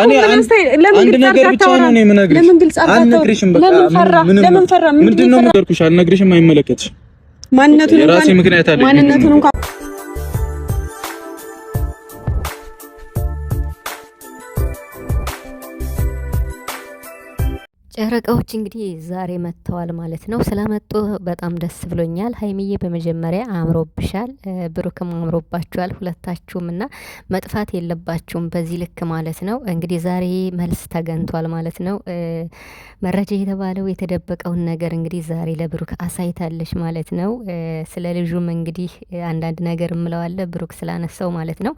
አንድ ነገር ብቻ ነው የምነግርሽ። አልነግርሽም። በቃ ምንድን ነው አልነግርሽም። አይመለከትሽም። ማንነቱን እንኳን ጨረቃዎች እንግዲህ ዛሬ መጥተዋል ማለት ነው። ስለመጡ በጣም ደስ ብሎኛል። ሀይሚዬ በመጀመሪያ አምሮብሻል፣ ብሩክም አምሮባችኋል። ሁለታችሁም እና መጥፋት የለባችሁም በዚህ ልክ ማለት ነው። እንግዲህ ዛሬ መልስ ተገንቷል ማለት ነው። መረጃ የተባለው የተደበቀውን ነገር እንግዲህ ዛሬ ለብሩክ አሳይታለች ማለት ነው። ስለ ልጁም እንግዲህ አንዳንድ ነገር እምለዋለ ብሩክ ስላነሳው ማለት ነው።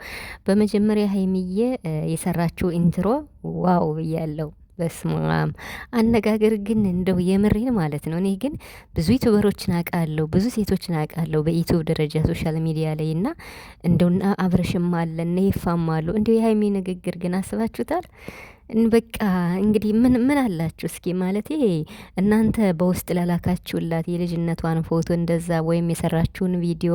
በመጀመሪያ ሀይሚዬ የሰራችው ኢንትሮ ዋው ብያለው በስማም አነጋገር ግን እንደው የምሬን ማለት ነው። እኔ ግን ብዙ ዩቱበሮችን አውቃለሁ፣ ብዙ ሴቶችን አውቃለሁ በዩቱብ ደረጃ ሶሻል ሚዲያ ላይ እና እንደው አብረሽም አለ እነ ይፋም አሉ። እንደው የሀይሚ ንግግር ግን አስባችሁታል? በቃ እንግዲህ ምን ምን አላችሁ እስኪ ማለት እናንተ በውስጥ ላላካችሁላት የልጅነቷን ፎቶ እንደዛ ወይም የሰራችሁን ቪዲዮ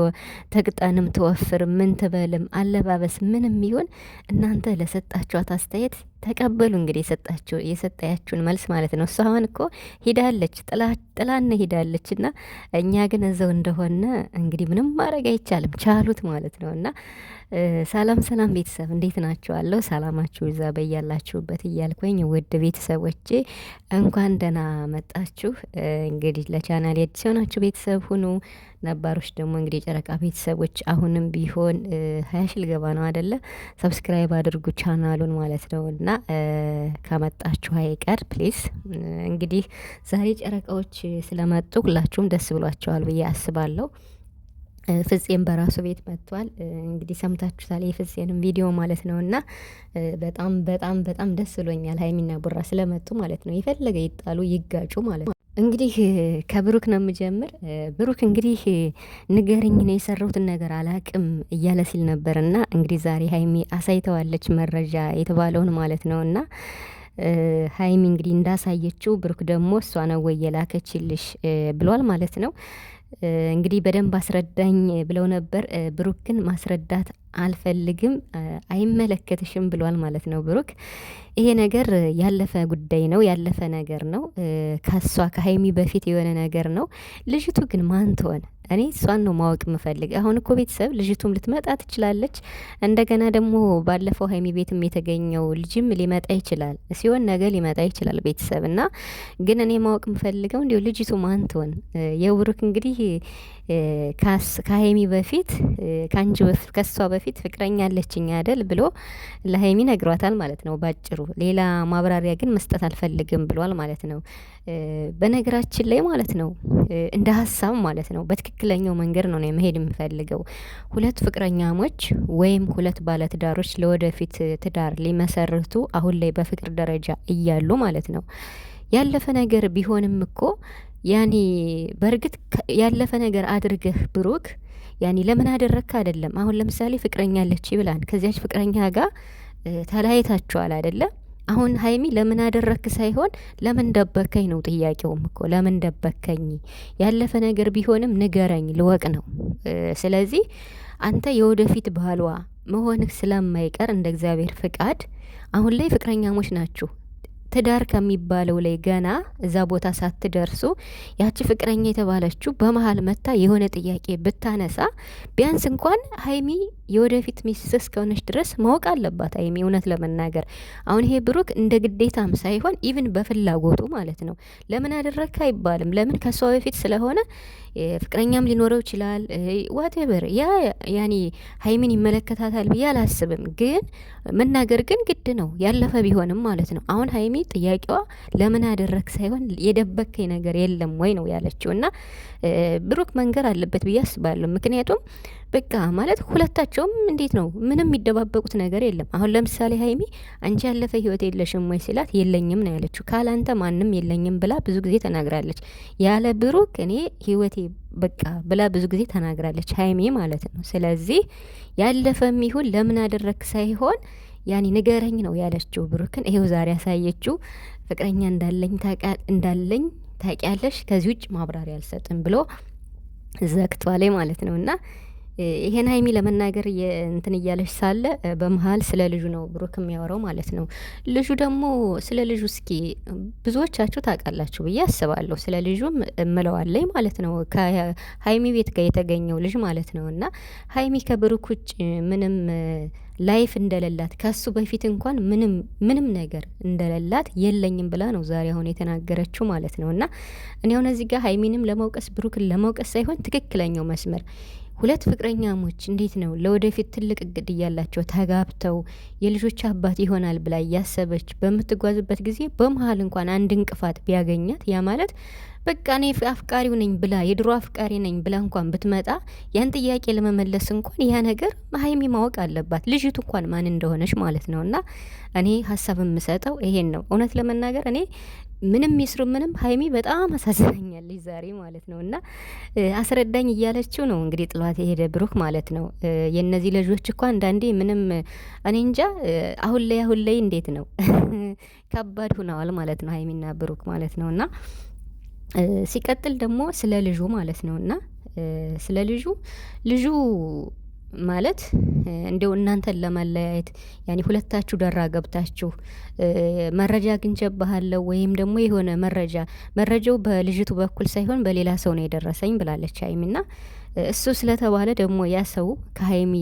ተቅጠንም ትወፍር ምን ትበልም አለባበስ ምንም ይሆን እናንተ ለሰጣችኋት አስተያየት ተቀበሉ እንግዲህ የሰጣችሁ የሰጣያችሁን መልስ ማለት ነው። እሱ አሁን እኮ ሂዳለች ጥላነ ሂዳለች እና እኛ ግን እዛው እንደሆነ እንግዲህ ምንም ማድረግ አይቻልም። ቻሉት ማለት ነው እና ሰላም ሰላም ቤተሰብ እንዴት አለው ሰላማችሁ እዛ በያላችሁበት እያልኩኝ ውድ ቤተሰቦቼ እንኳን ደህና መጣችሁ። እንግዲህ ለቻናል አዲስ የሆናችሁ ቤተሰብ ሁኑ፣ ነባሮች ደግሞ እንግዲህ የጨረቃ ቤተሰቦች አሁንም ቢሆን ሀያ ሺ ልገባ ነው አደለ? ሰብስክራይብ አድርጉ ቻናሉን ማለት ነው። እና ከመጣችሁ አይቀር ፕሊስ። እንግዲህ ዛሬ ጨረቃዎች ስለመጡ ሁላችሁም ደስ ብሏቸዋል ብዬ አስባለሁ። ፍፄም በራሱ ቤት መጥቷል። እንግዲህ ሰምታችሁታል የፍጼንም ቪዲዮ ማለት ነው። እና በጣም በጣም በጣም ደስ ብሎኛል ሀይሚና ቡራ ስለመጡ ማለት ነው። የፈለገ ይጣሉ ይጋጩ ማለት ነው እንግዲህ ከብሩክ ነው የምጀምር። ብሩክ እንግዲህ ንገርኝ ነው የሰራሁትን ነገር አላቅም እያለ ሲል ነበር እና እንግዲህ ዛሬ ሀይሚ አሳይተዋለች መረጃ የተባለውን ማለት ነው እና ሀይሚ እንግዲህ እንዳሳየችው ብሩክ ደግሞ እሷ ነው ወይ የላከችልሽ ብሏል ማለት ነው። እንግዲህ በደንብ አስረዳኝ ብለው ነበር። ብሩክ ግን ማስረዳት አልፈልግም አይመለከትሽም ብሏል ማለት ነው። ብሩክ ይሄ ነገር ያለፈ ጉዳይ ነው፣ ያለፈ ነገር ነው። ከሷ ከሀይሚ በፊት የሆነ ነገር ነው። ልጅቱ ግን ማን ትሆን? እኔ እሷን ነው ማወቅ የምፈልግ። አሁን እኮ ቤተሰብ ልጅቱም ልትመጣ ትችላለች። እንደገና ደግሞ ባለፈው ሀይሚ ቤትም የተገኘው ልጅም ሊመጣ ይችላል፣ ሲሆን ነገ ሊመጣ ይችላል። ቤተሰብ እና ግን እኔ ማወቅ የምፈልገው እንዲሁ ልጅቱ ማን ትሆን የብሩክ እንግዲህ ከሀይሚ በፊት ከአንቺ ከሷ በፊት ፍቅረኛ አለችኝ አደል ብሎ ለሀይሚ ነግሯታል ማለት ነው ባጭሩ። ሌላ ማብራሪያ ግን መስጠት አልፈልግም ብሏል ማለት ነው። በነገራችን ላይ ማለት ነው እንደ ሀሳብ ማለት ነው በትክክለኛው መንገድ ነው መሄድ የምፈልገው። ሁለት ፍቅረኛሞች ወይም ሁለት ባለትዳሮች ለወደፊት ትዳር ሊመሰርቱ አሁን ላይ በፍቅር ደረጃ እያሉ ማለት ነው ያለፈ ነገር ቢሆንም እኮ ያኔ በእርግጥ ያለፈ ነገር አድርገህ ብሩክ ያኔ ለምን አደረግክ አይደለም። አሁን ለምሳሌ ፍቅረኛ አለች ብላን ከዚያች ፍቅረኛ ጋር ተለያይታችኋል አይደለም። አሁን ሀይሚ ለምን አደረክ ሳይሆን ለምን ደበከኝ ነው ጥያቄውም እኮ ለምን ደበከኝ? ያለፈ ነገር ቢሆንም ንገረኝ ልወቅ ነው። ስለዚህ አንተ የወደፊት ባሏ መሆንህ ስለማይቀር እንደ እግዚአብሔር ፍቃድ አሁን ላይ ፍቅረኛሞች ናችሁ። ትዳር ከሚባለው ላይ ገና እዛ ቦታ ሳትደርሱ ያቺ ፍቅረኛ የተባለችው በመሀል መታ የሆነ ጥያቄ ብታነሳ ቢያንስ እንኳን ሀይሚ የወደፊት ሚስት እስከሆነች ድረስ ማወቅ አለባት ሀይሚ። እውነት ለመናገር አሁን ይሄ ብሩክ እንደ ግዴታም ሳይሆን ኢቭን በፍላጎቱ ማለት ነው። ለምን አደረግክ አይባልም። ለምን ከሷ በፊት ስለሆነ ፍቅረኛም ሊኖረው ይችላል። ዋቴቨር ያ ያኔ ሀይሚን ይመለከታታል ብዬ አላስብም። ግን መናገር ግን ግድ ነው፣ ያለፈ ቢሆንም ማለት ነው። አሁን ሀይሚ ጥያቄዋ ለምን አደረግ ሳይሆን የደበከኝ ነገር የለም ወይ ነው ያለችው። እና ብሩክ መንገር አለበት ብዬ አስባለሁ። ምክንያቱም በቃ ማለት ሁለታቸው የላቸውም። እንዴት ነው ምንም የሚደባበቁት ነገር የለም። አሁን ለምሳሌ ሀይሚ አንቺ ያለፈ ህይወት የለሽም ወይ ስላት የለኝም ነው ያለችው። ካላንተ ማንም የለኝም ብላ ብዙ ጊዜ ተናግራለች። ያለ ብሩክ እኔ ህይወቴ በቃ ብላ ብዙ ጊዜ ተናግራለች ሀይሚ ማለት ነው። ስለዚህ ያለፈም ይሁን ለምን አደረክ ሳይሆን ያኔ ንገረኝ ነው ያለችው ብሩክን። ይሄው ዛሬ ያሳየችው ፍቅረኛ እንዳለኝ እንዳለኝ ታውቂያለሽ፣ ከዚህ ውጭ ማብራሪያ አልሰጥም ብሎ ዘግቷ ላይ ማለት ነው እና ይሄን ሀይሚ ለመናገር እንትን እያለች ሳለ በመሀል ስለ ልጁ ነው ብሩክ የሚያወራው ማለት ነው። ልጁ ደግሞ ስለ ልጁ እስኪ ብዙዎቻችሁ ታውቃላችሁ ብዬ አስባለሁ። ስለ ልጁም እምለዋለኝ ማለት ነው። ከሀይሚ ቤት ጋር የተገኘው ልጅ ማለት ነው እና ሀይሚ ከብሩክ ውጭ ምንም ላይፍ እንደሌላት ከሱ በፊት እንኳን ምንም ምንም ነገር እንደሌላት የለኝም ብላ ነው ዛሬ አሁን የተናገረችው ማለት ነው። እና እኔ አሁን እዚህ ጋር ሀይሚንም ለመውቀስ ብሩክን ለመውቀስ ሳይሆን ትክክለኛው መስመር ሁለት ፍቅረኛሞች እንዴት ነው ለወደፊት ትልቅ እቅድ እያላቸው ተጋብተው የልጆች አባት ይሆናል ብላ እያሰበች በምትጓዝበት ጊዜ በመሀል እንኳን አንድ እንቅፋት ቢያገኛት ያ ማለት በቃ እኔ አፍቃሪው ነኝ ብላ የድሮ አፍቃሪ ነኝ ብላ እንኳን ብትመጣ ያን ጥያቄ ለመመለስ እንኳን ያ ነገር ሀይሚ ማወቅ አለባት፣ ልጅቱ እንኳን ማን እንደሆነች ማለት ነው። እና እኔ ሀሳብ የምሰጠው ይሄን ነው። እውነት ለመናገር እኔ ምንም ይስሩ ምንም ሀይሚ በጣም አሳዝናኛለች ዛሬ ማለት ነው። እና አስረዳኝ እያለችው ነው እንግዲህ ጥሏት የሄደ ብሩክ ማለት ነው። የእነዚህ ልጆች እኳ አንዳንዴ ምንም እኔ እንጃ። አሁን ላይ አሁን ላይ እንዴት ነው ከባድ ሁነዋል ማለት ነው ሀይሚና ብሩክ ማለት ነው። እና ሲቀጥል ደግሞ ስለ ልጁ ማለት ነው እና ስለ ልጁ ልጁ ማለት እንደው እናንተን ለመለያየት ያኔ ሁለታችሁ ደራ ገብታችሁ መረጃ አግኝቼብሃለሁ ወይም ደግሞ የሆነ መረጃ መረጃው በልጅቱ በኩል ሳይሆን በሌላ ሰው ነው የደረሰኝ ብላለች ሀይሚና እሱ ስለተባለ ደግሞ ያ ሰው ከሀይሚ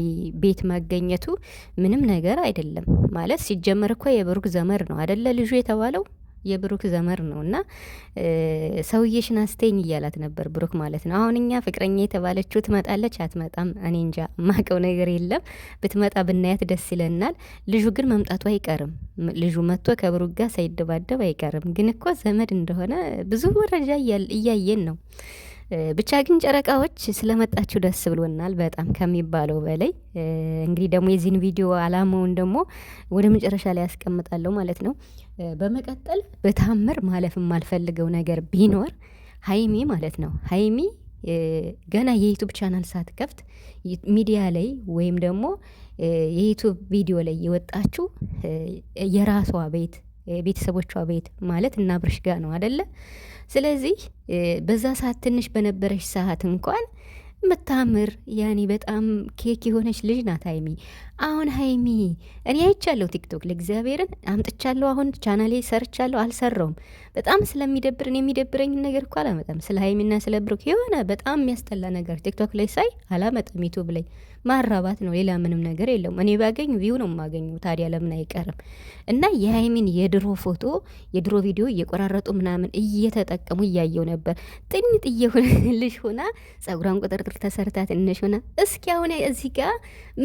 ቤት መገኘቱ ምንም ነገር አይደለም። ማለት ሲጀመር እኮ የብሩክ ዘመድ ነው አደለ ልጁ የተባለው የብሩክ ዘመር ነው እና ሰውዬሽን አስተኝ እያላት ነበር ብሩክ ማለት ነው። አሁን እኛ ፍቅረኛ የተባለችው ትመጣለች አትመጣም፣ እኔ እንጃ ማቀው ነገር የለም። ብትመጣ ብናያት ደስ ይለናል። ልጁ ግን መምጣቱ አይቀርም። ልጁ መጥቶ ከብሩክ ጋር ሳይደባደብ አይቀርም። ግን እኮ ዘመድ እንደሆነ ብዙ መረጃ እያየን ነው። ብቻ ግን ጨረቃዎች ስለመጣችሁ ደስ ብሎናል፣ በጣም ከሚባለው በላይ። እንግዲህ ደግሞ የዚህን ቪዲዮ አላማውን ደግሞ ወደ መጨረሻ ላይ ያስቀምጣለሁ ማለት ነው። በመቀጠል በታምር ማለፍ የማልፈልገው ነገር ቢኖር ሀይሚ ማለት ነው። ሀይሚ ገና የዩቱብ ቻናል ሳትከፍት ሚዲያ ላይ ወይም ደግሞ የዩቱብ ቪዲዮ ላይ የወጣችው የራሷ ቤት ቤተሰቦቿ ቤት ማለት እና ብርሽ ጋ ነው አደለ ስለዚህ በዛ ሰዓት ትንሽ በነበረች ሰዓት እንኳን የምታምር ያኔ በጣም ኬክ የሆነች ልጅ ናት ሀይሚ። አሁን ሀይሚ እኔ አይቻለሁ፣ ቲክቶክ ለእግዚአብሔርን አምጥቻለሁ። አሁን ቻናሌ ሰርቻለሁ፣ አልሰራውም። በጣም ስለሚደብር እኔ የሚደብረኝን ነገር እኮ አላመጣም። ስለ ሀይሚና ስለ ብሩክ የሆነ በጣም የሚያስጠላ ነገር ቲክቶክ ላይ ሳይ አላመጣም። ዩቱብ ላይ ማራባት ነው፣ ሌላ ምንም ነገር የለውም። እኔ ባገኝ ቪው ነው የማገኘው። ታዲያ ለምን አይቀርም? እና የሀይሚን የድሮ ፎቶ የድሮ ቪዲዮ እየቆራረጡ ምናምን እየተጠቀሙ እያየው ነበር። ጥንት እየሆነልሽ ሆና ጸጉሯን ቁጥርጥር ተሰርታ ትንሽ ሆና እስኪ አሁን እዚህ ጋር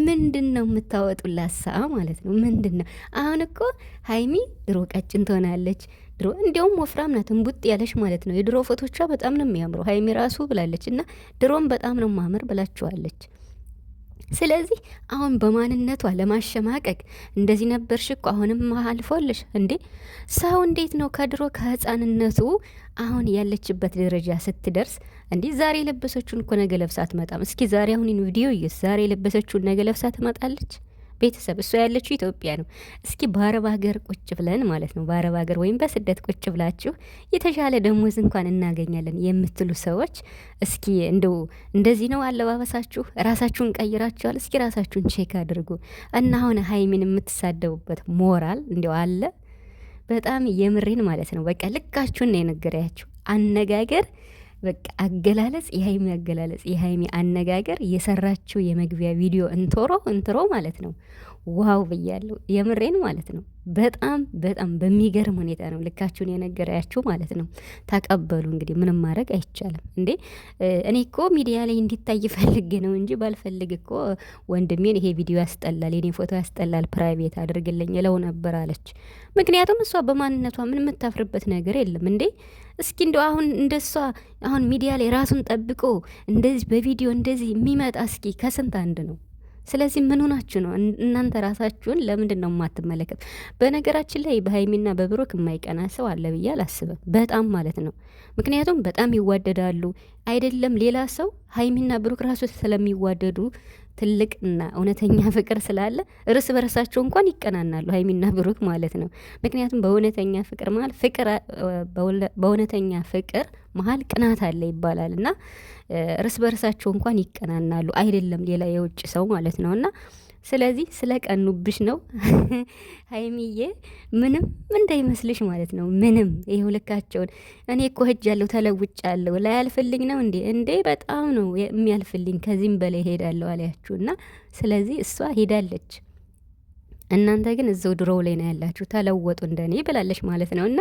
ምንድን ነው የምታወጡላት ሰዓ ማለት ነው። ምንድን ነው አሁን እኮ ሀይሚ ድሮ ቀጭን ትሆናለች፣ ድሮ እንዲያውም ወፍራም ናት፣ እንቡጥ ያለች ማለት ነው። የድሮ ፎቶቿ በጣም ነው የሚያምረው ሀይሚ ራሱ ብላለች። እና ድሮም በጣም ነው ማምር ብላችኋለች። ስለዚህ አሁን በማንነቷ ለማሸማቀቅ እንደዚህ ነበርሽ እኮ አሁንም አልፎልሽ እንዴ! ሰው እንዴት ነው ከድሮ ከህፃንነቱ አሁን ያለችበት ደረጃ ስትደርስ እንዲህ ዛሬ የለበሰችውን እኮ ነገ ለብሳ አትመጣም። እስኪ ዛሬ አሁን ቪዲዮ እዩስ። ዛሬ የለበሰችውን ነገ ለብሳ ትመጣለች። ቤተሰብ እሷ ያለችው ኢትዮጵያ ነው። እስኪ በአረብ ሀገር ቁጭ ብለን ማለት ነው በአረብ ሀገር ወይም በስደት ቁጭ ብላችሁ የተሻለ ደሞዝ እንኳን እናገኛለን የምትሉ ሰዎች እስኪ እንደው እንደዚህ ነው አለባበሳችሁ፣ ራሳችሁን ቀይራችኋል? እስኪ ራሳችሁን ቼክ አድርጉ እና አሁን ሀይሚን የምትሳደቡበት ሞራል እንዲው አለ። በጣም የምሬን ማለት ነው። በቃ ልካችሁን ነው የነገራችሁ አነጋገር በቃ አገላለጽ የሀይሚ አገላለጽ የሀይሚ አነጋገር የሰራችው የመግቢያ ቪዲዮ እንትሮ እንትሮ ማለት ነው። ዋው ብያለሁ፣ የምሬን ማለት ነው። በጣም በጣም በሚገርም ሁኔታ ነው ልካችሁን የነገራችሁ ማለት ነው። ተቀበሉ እንግዲህ ምንም ማድረግ አይቻልም። እንዴ እኔ እኮ ሚዲያ ላይ እንዲታይ ፈልጌ ነው እንጂ ባልፈልግ እኮ ወንድሜን ይሄ ቪዲዮ ያስጠላል፣ የኔ ፎቶ ያስጠላል፣ ፕራይቬት አድርግልኝ እለው ነበር አለች። ምክንያቱም እሷ በማንነቷ ምን የምታፍርበት ነገር የለም እንዴ እስኪ እንደው አሁን እንደሷ አሁን ሚዲያ ላይ ራሱን ጠብቆ እንደዚህ በቪዲዮ እንደዚህ የሚመጣ እስኪ ከስንት አንድ ነው። ስለዚህ ምን ሆናችሁ ነው እናንተ ራሳችሁን ለምንድን ነው የማትመለከት? በነገራችን ላይ በሀይሚና በብሩክ የማይቀና ሰው አለ ብዬ አላስብም። በጣም ማለት ነው። ምክንያቱም በጣም ይዋደዳሉ አይደለም ሌላ ሰው ሀይሚና ብሩክ ራሱ ስለሚዋደዱ ትልቅና እውነተኛ ፍቅር ስላለ እርስ በርሳቸው እንኳን ይቀናናሉ፣ ሀይሚና ብሩክ ማለት ነው። ምክንያቱም በእውነተኛ ፍቅር መሀል ፍቅር በእውነተኛ ፍቅር መሀል ቅናት አለ ይባላል እና እርስ በርሳቸው እንኳን ይቀናናሉ፣ አይደለም ሌላ የውጭ ሰው ማለት ነው እና ስለዚህ ቀኑብሽ ነው ሀይሚዬ፣ ምንም እንዳይመስልሽ ማለት ነው። ምንም ይህ ልካቸውን እኔ እኮ ሄጃለሁ፣ ተለውጫለሁ። ላያልፍልኝ ነው እንዴ? እንዴ በጣም ነው የሚያልፍልኝ። ከዚህም በላይ ሄዳለሁ አለያችሁ እና ስለዚህ እሷ ሄዳለች። እናንተ ግን እዛው ድሮው ላይ ነው ያላችሁ፣ ተለወጡ እንደኔ ብላለች ማለት ነው። እና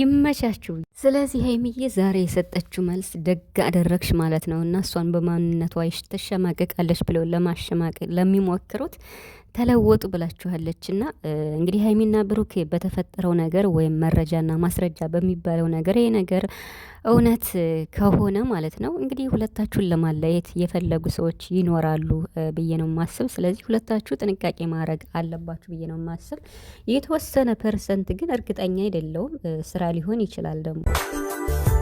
ይመቻችሁ። ስለዚህ ሀይሚዬ ዛሬ የሰጠችው መልስ ደግ አደረግሽ ማለት ነው። እና እሷን በማንነቷ ትሸማቀቃለች ብለው ለማሸማቀቅ ለሚሞክሩት ተለወጡ ብላችኋለች እና እንግዲህ ሀይሚና ብሩክ በተፈጠረው ነገር ወይም መረጃና ማስረጃ በሚባለው ነገር ይህ ነገር እውነት ከሆነ ማለት ነው እንግዲህ ሁለታችሁን ለማለየት የፈለጉ ሰዎች ይኖራሉ ብዬ ነው ማስብ። ስለዚህ ሁለታችሁ ጥንቃቄ ማድረግ አለባችሁ ብዬ ነው ማስብ። የተወሰነ ፐርሰንት ግን እርግጠኛ አይደለውም ስራ ሊሆን ይችላል ደግሞ